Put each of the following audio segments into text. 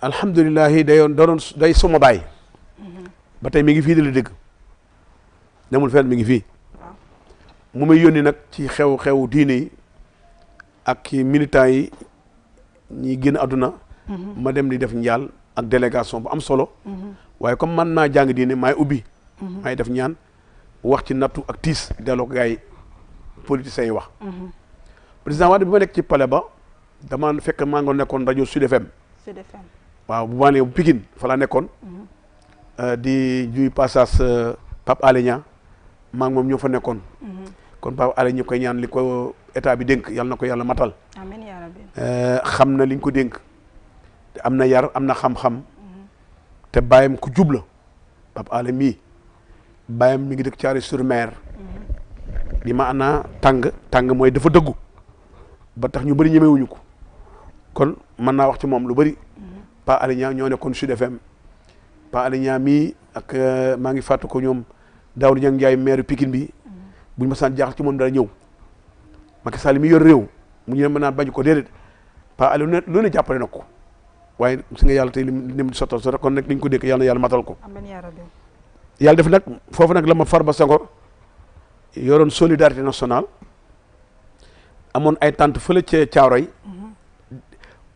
alhamdulilah dayoon day suma baay mm-hmm. ba tey mi ngi fii di la dégg demul fenn mi ngi fii mu ma yónni nag ci xew-xew diine yi ak militants yi ñi génn àdduna mm-hmm. ma dem di def njaal ak délégation bu am solo mm-hmm. waaye comme man maa jàng diine maay ubbi maay def ñaan wax ci nattu ak tiis delloo ko yi wax président Wade bi ma nekk ci palais ba dama fekk maa ngi nekkoon rajo Sud FM waaw bu ma nee Pikine fa la mm-hmm. euh, di juy passage euh, pap Alé Niang maa ngi moom fa mm-hmm. kon pap Alé ñu koy ñaan li ko état bi dénk matal amiin ya rabbi euh, xam na liñ ko dénk yar amna na xam-xam mm-hmm. te bàyyam ku jub la Pape Alé mi ngi dëkk Thiaroye sur Mer li ma ana tàng tàng mooy dafa dëggu ba tax ñu ko kon mana naa wax ci lu Pa Alignan ñoo nekkoon Sud FM Pa Alignan mi ak eh, maa ngi fàttu ko ñoom Daoud Niang Ndiaye maire Pikine bi mm-hmm. buñ ma saan jaaxal ci moom dara ñëw Macky Sall yor mu ñu bañ ko Pa Aliou lu ne jàppale na ko waaye nga yàlla tey lim di sottal sa kon nag niñ ko dékk yàlla na matal ko yàlla def nag foofu nag la Farba solidarité nationale ay tante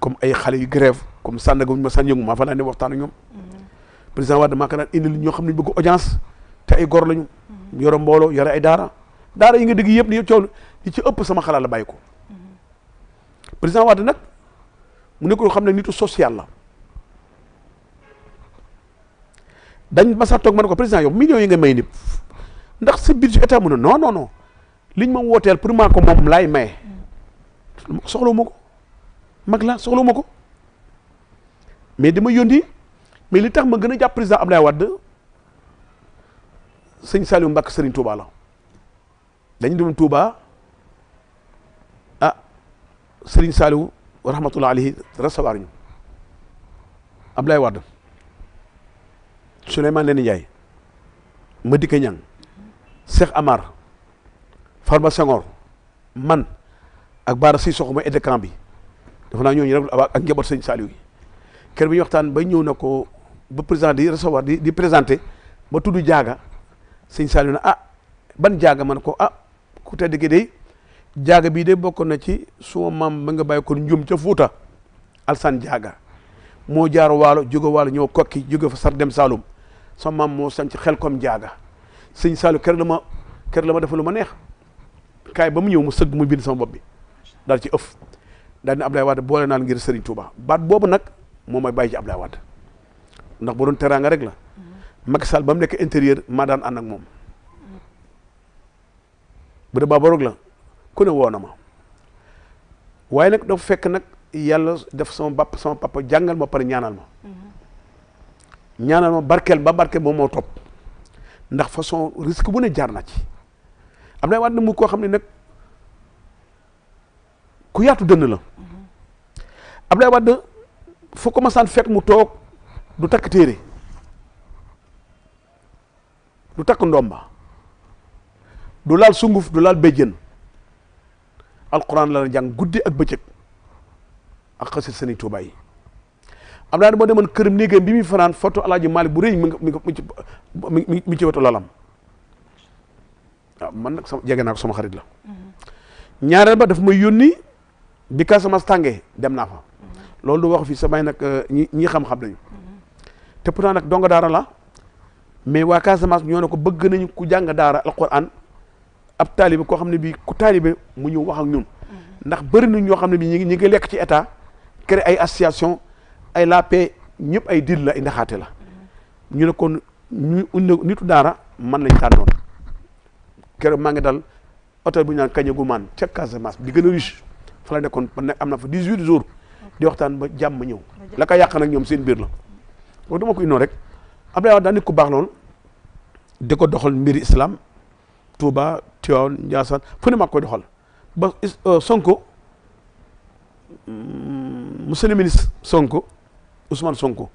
comme ay xale yu grève comme Sandaga ñu ma Sandiagou maa fa daan ne waxtaan ak ñoom mm-hmm. président Wade maa ko daan indil ñoo xam ne bëgg audience te ay góor lañu mm-hmm. yoro mbooloo yore ay daara daara yi nga dégg yëpp ni coow li ci ëpp sama xalaat la bàyyi ko mm-hmm. président Wade nag mu nekk loo xam ne nitu social la dañ ma sax toog ma ne ko président yow millions yi nga may ni ndax sa budget état mu ne non non non liñ ma wooteel pour maa ko moom laay maye soxla ma ko mag la soxla ma ko mais dama yóndi mais li tax ma gën a jàpp président Abdoulaye Wade sëñ Saliou Mbacke Serigne Touba la dañu dem Touba ah Serigne Saliou rahmatullah alayhi recevoir ñu Abdoulaye Wade Souleymane Leni Ndiaye Madické Niang Cheikh Amar Farba Senghor man ak Bara Sissoko mooy aide de bi dafa naa ñooñu rek ak njaboot sëñ Saliou yi kër bi ñu waxtaan ba ñëw na ko ba président di recevoir di di présenté ba tudd jaaga sëñ Saliou na ah ban jaaga man ko ah ku tedd gi day jaaga bii de bokkoon na ci suma maam ba nga bàyyi ko njum ca Fuuta Alsan jaaga moo jaar waalo jóge waalo ñëw kokki jóge fa sar dem Saloum sama maam moo sanc xel kom jaaga sëñ Saliou kër la ma kër la ma defal lu ma neex kaay ba mu ñëw mu sëgg mu bin sama bopp bi daal ci ëff Dan abla Ablaye Wade boole naan ngir Serigne Touba bat bobu nak moom mooy bàyyi ci ablay wad ndax bu doon teranga rek la mm-hmm. mak Sall bam nek nekk intérieur maa daan ànd ak mom bu dee baabaroog la ku ne wonama way nak do fekk def sama bap sama papa jangal ma par ñaanal ma mm-hmm. ñaanal ma barkel ba barkeel moom mo top ndax façon risque bu ne ci ablay wad mu ko xamni nak ku yaatu deun la ablay wad foo ko san fet mu tok du tak téré du tak ndomba du lal sunguf du lal bejeen alquran la na jàng guddi ak bëccëg ak xasit sëriñ touba yi Abdoulaye boo demoon kërëm nigé bi mi fanan foto Alaaji malik bu reñ mi mi mi ci wato lalam ah, man nak sama jege nak sama xarit la mm-hmm. ñaaral ba daf may yoni bi Casamance tàngee dem naa fa loolu du wax fi samay nag euh, ñi ñi xam-xam lañu nag donga daara la mais waa Casamance ñoo ne ko bëgg nañu ku jàng daara alquran ab taalibe koo xam ne bii ku taalibe mu ñëw wax ak ñun ndax bëri na ñoo xam ne bii ñi ñi ngi lekk ci état créé ay association ay la paix ñëpp ay dil la la ñu ne kon ñu nitu daara man lañ tànnoon keroog maa ngi dal hôtel bu ñu naan Kañagu maan ca Casamance bi gën a riche la nekkoon ba ne am na fa 18 jours di waxtaan ba jàmm ñëw la ko yàq nag ñoom seen biir la loolu dama koy noonu rek Abdoulaye Wade daa nit ku baax lool di ko doxal mbiri islam Touba Tivaouane Ndiassane fu ne maa koy doxal ba euh, Sonko mm, monsieur le ministre Sonko Ousmane Sonko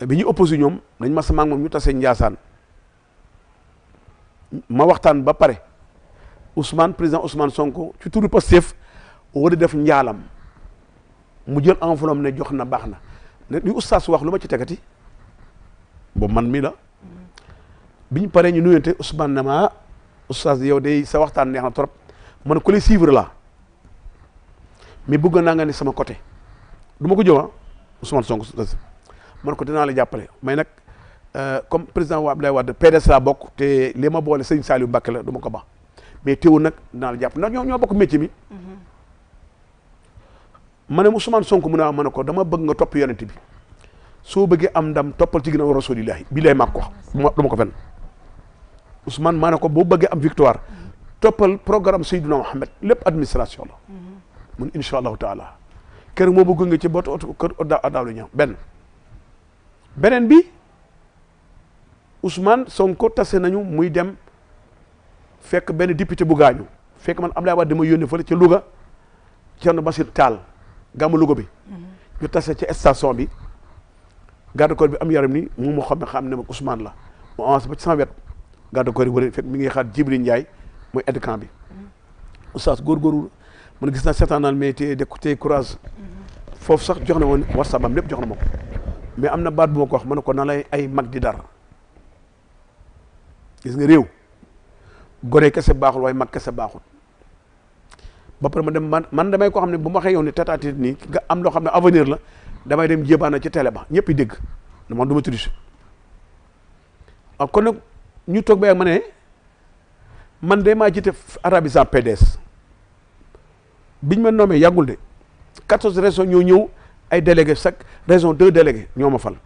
eh, bi ñu opposé ñoom dañ ma sama moom ñu tase Ndiassane ma waxtaan ba pare Ousmane président Ousmane Sonko ci turu Pastef war a def njaalam mu jël enveloppe ne jox na baax na ne li ustaas wax lu ma ci tegati boobu man mii la biñ paree ñu nuyante Ousmane ne ustaas yow day sa waxtaan neex na trop man ku lay suivre la mais bëgg naa nga ni sama côté du ma ko jëwa Ousmane Sonko man ko dinaa la jàppale mais nag euh, comme président wa Abdoulaye Wade PDS laa bokk te li ma boole sëñ Saliou Mbacké la du ma ko baax mais teewul nag dinaa la jàpp ndax ñoo ñoo bokk métier mi mm-hmm. mané ne Ousmane Sonko mu ah, ko dama bëgg nga top yonent bi so bëggee am ndam toppal ci gina rasulillah bi lay ko duma ko fen Ousmane mané ko bo am victoire toppal programme sayyidina Muhammad lepp administration la mun inshallah taala kër mo bëgg nga ci bot auto kër daaw lu ñam ben benen bi Ousmane Sonko tassé nañu muy dem fekk ben député bu gañu fekk man Abdoulaye wad dama yoni fële ci Louga basir tal gamu lugo bi ñu tase ci station bi garde corps bi am yaram ni moom moo xam xam ne Ousmane la mu avancé ba ci sama wet garde corps yi wër mi ngi xaar Jibril Ndiaye mooy aide camp bi oustaz góorgóorlu man gis naa seetaan naan de tey courage foofu sax jox na woon WhatsApp am lépp jox na ma mais am baat bu ma wax ma ne ay mag di dar gis nga réew gore kessé baxul way mag kessé baxul ba pare ma dem man man damay koo xam ne bu ma waxee yow ni tatatit nii am loo xam avenir la damay dem jébaana ci télé ba ñëpp dégg na man du ma triche ah kon nag ñu toog ba ma ne man de maa jiite arabisant PDS biñ ma nommé yàggul de quatorze régions ñoo ñëw ay délégué chaque région deux délégués ñoo fal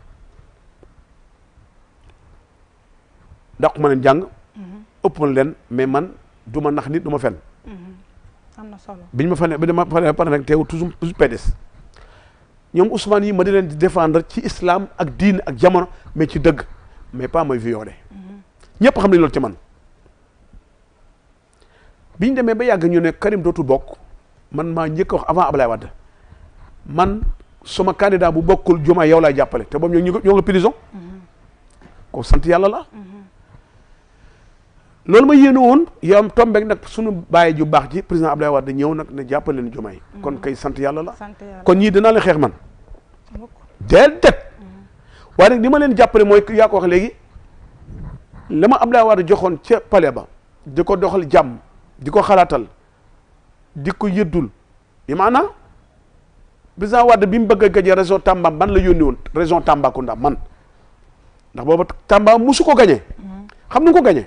dàqu ma leen jàng mm-hmm. ëpp ma leen mais man du nax nit du ma am na solo biñ ma fa ne bi ma fa ne pare nag teew toujours toujours PDS ñoom Ousmane yi ma di leen di défendre ci islam ak diin ak jamono mais ci dëgg mais pas mooy violé mhm. ñëpp xam nañ loolu ci man biñ demee ba yàgg ñu ne Karim dootul bokk man maa njëkk wax avant Ablaye Wade man sama candidat bu bokkul Diomaye yow laay jàppale te boobu ñoo ñoo nga ko mhm. sant yàlla la mhm. loolu ma yéene woon yam am nag sunu bàyyi ju baax ji président Abdoulaye Wade ñëw nag na jàppale leen Diomaye mm-hmm. kon kay sant yàlla la kon ñii dinaa leen xeex man déedéet mm-hmm. waaye nag li ma leen jàppale mooy yaa ko wax léegi la ma Abdoulaye Wade joxoon ca palais ba di ko doxal jàmm di ko xalaatal di ko yëddul yi maanaam président Wade bi mu bëgg a gagné région Tamba man la yónni woon région Tambacounda man ndax booba Tamba musu ko gagné mm-hmm. xam nu ko gagné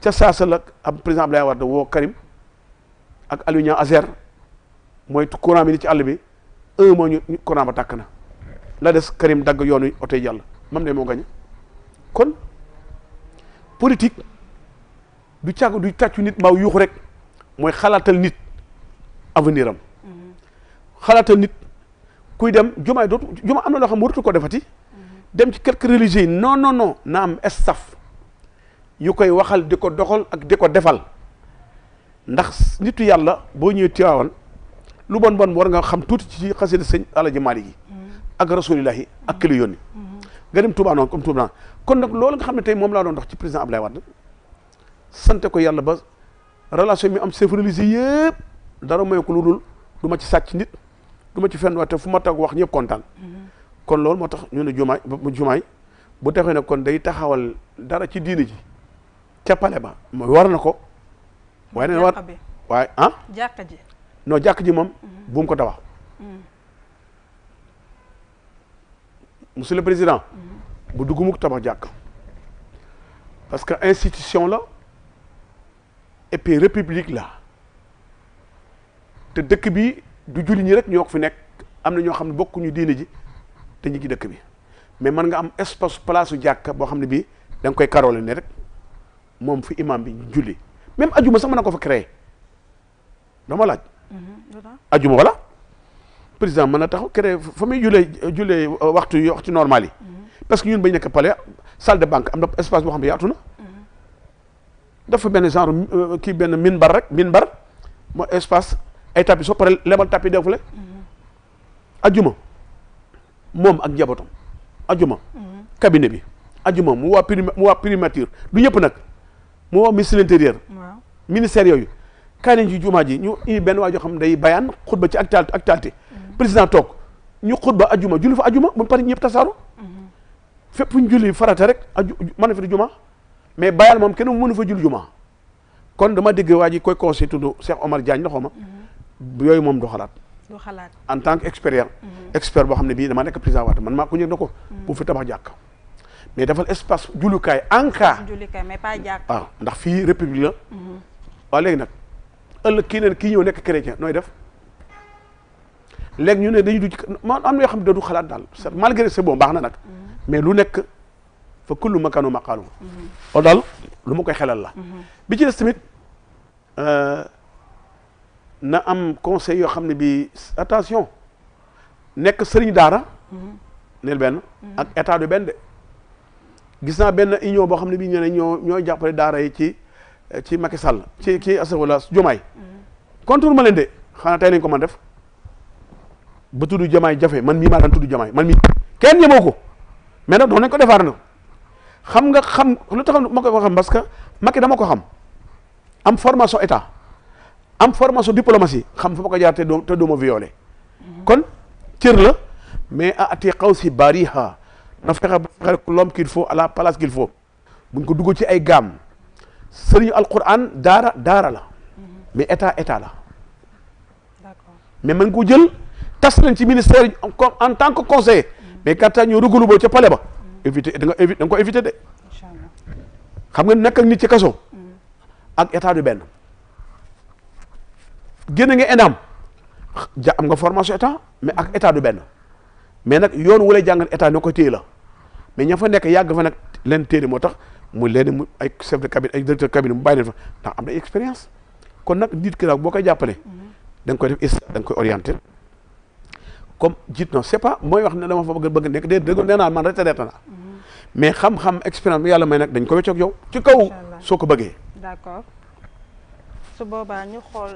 ca saasa la am président Abdoulaye Wade woo Karim ak Aliou Niang mooy courant bi ni ci àll bi un mois ñu courant ba tàkk na la des Karim dagg yoon wi jàll mam ne moo gañ kon politique du càgg du tàccu nit mbaaw yuuxu rek mooy xalaatal nit avenir am mm-hmm. nit kuy dem jumaay juma am na loo xam waratu ko defati mm-hmm. dem ci quelques religieux yi non non na am staff يكوي وخال ديكو دوخال اك ديكو ديفال ناخ نيتو يالا بو نيو تياون لو بون بون وارغا خام توت سي خاسيل سيغ الله مالكي اك رسول الله اك لي يوني غريم توبا نون كوم توبا كون نك لول خامني تاي موم لا دون دوخ سي بريزيدان ابلاي وات سانتكو يالا با ريلاسيون مي ام سيفوريزي ييب دارو ماي كو لودول دوما سي ساتي نيت دوما سي فندوات فما تاك واخ نييب كونتان كون لول موتاخ ني نيو جوماي جوماي بو تاخي نا كون داي تاخاول دارا سي دين جي ca ba mooy war na ko waaye neen war waaye han ah? jàkka non jàkk mom buum bu mu ko mm-hmm. monsieur le président bu dugg mukk tabax jàkk parce que institution la et puis république la te dëkk bi du julli ñi rek ñok fi nek amna ño ñoo bokku ñu diine ji te ñi ngi dëkk bi mais man nga am espace place su bo boo bi dang koy caroler ne rek moom fi imam bi julli même ajuma sax mën na ko fa créer dama laaj. Mm-hmm. ajuma wala président mën na taxaw créer fa muy jullee jullee euh, waxtu yi waxtu normal yi. Mm-hmm. parce que ñun ba nekk palais salle de banque am na espace boo xam ne yaatu na. Mm-hmm. dafa benn genre euh, kii benn minbar rek minbar mooy espace ay tapis soo paree lebal tapis defule. ajuma moom ak njabootam ajuma. cabinet bi ajuma mu mu waa primature du ñëpp nag. moo wax ministre de l'intérieur. yooyu. kaay nañ jumaa ji ñu indi benn waa joo xam day bayaan xutba ci actualité actualité. Mm-hmm. président toog ñu xutba ajuma julli fa ajuma ba pare ñëpp tasaaru. Mm-hmm. fépp fu ñu julli farata rek aju mën na fi di juma mais bayaan moom kenn mënu fa jul juma. kon dama dégg waa ji koy conseil tudd Cheikh Omar Diagne la xawma mm-hmm. yooyu moom du xalaat. du xalaat en tant que expert. expert boo xam ne bii damaa nekk président waat man maa ko ñëw na ko. bu fi tabax jàkk mais dafa espace djulukay anka djulukay mais pas jàkk waaw ndax fi république la wa légui nak ëllëg kii neen kii ñëw nek chrétien noy def léegi ñu ne dañu du am na xam ne du xalaat daal malgré c'est bon baax na mais lu nekk fa kullu makanu maqaalu loolu daal lu ma koy xelal la bi ci des tamit na am conseil yoo xam bi attention nekk sëriñ daara neel benn ak état du benn de gis naa benn union boo xam ne bii ñu na ñoo ñoo jàppale daara yi ci ci Macky Sall ci ci asawala Jomaay contour mm-hmm. ma leen de xanaa tey ko man def bu tudd Jomaay jafe man mii maa man kenn ñemoo ko mais nag doon nañ xam nga xam lu tax ma ko parce que Macky dama ko xam am formation état am formation diplomatie xam ma ko jaar doo te doo ma violé mm-hmm. kon la mais a ati xaw si bariha l'homme qu'il faut à la place qu'il faut buñ ko ci ay la mais état état la mais man ko jël tas ministère en tant que conseiller mais quand ba éviter da nga éviter éviter de xam nga nek ak nit ci kaso mm. ak état du nga enam am nga formation état mais ak état du ben. mais nak yoon mais ñafa nek yag fa nak leen téere motax mu leen ay chef de cabinet ay directeur cabinet mu bàyyi fa da am na expérience kon nak nit ki daal boo jappalé jàppale mhm. da koy def is da nga koy orienté comme dit non c'est pas moy wax na dama fa bëgg bëgg nek dé dëgg nee naa man retraité naa mhm. mais xam-xam expérience yalla may nak dañ ko wéccok yow ci kaw soko bëggé d'accord su boba ñu xool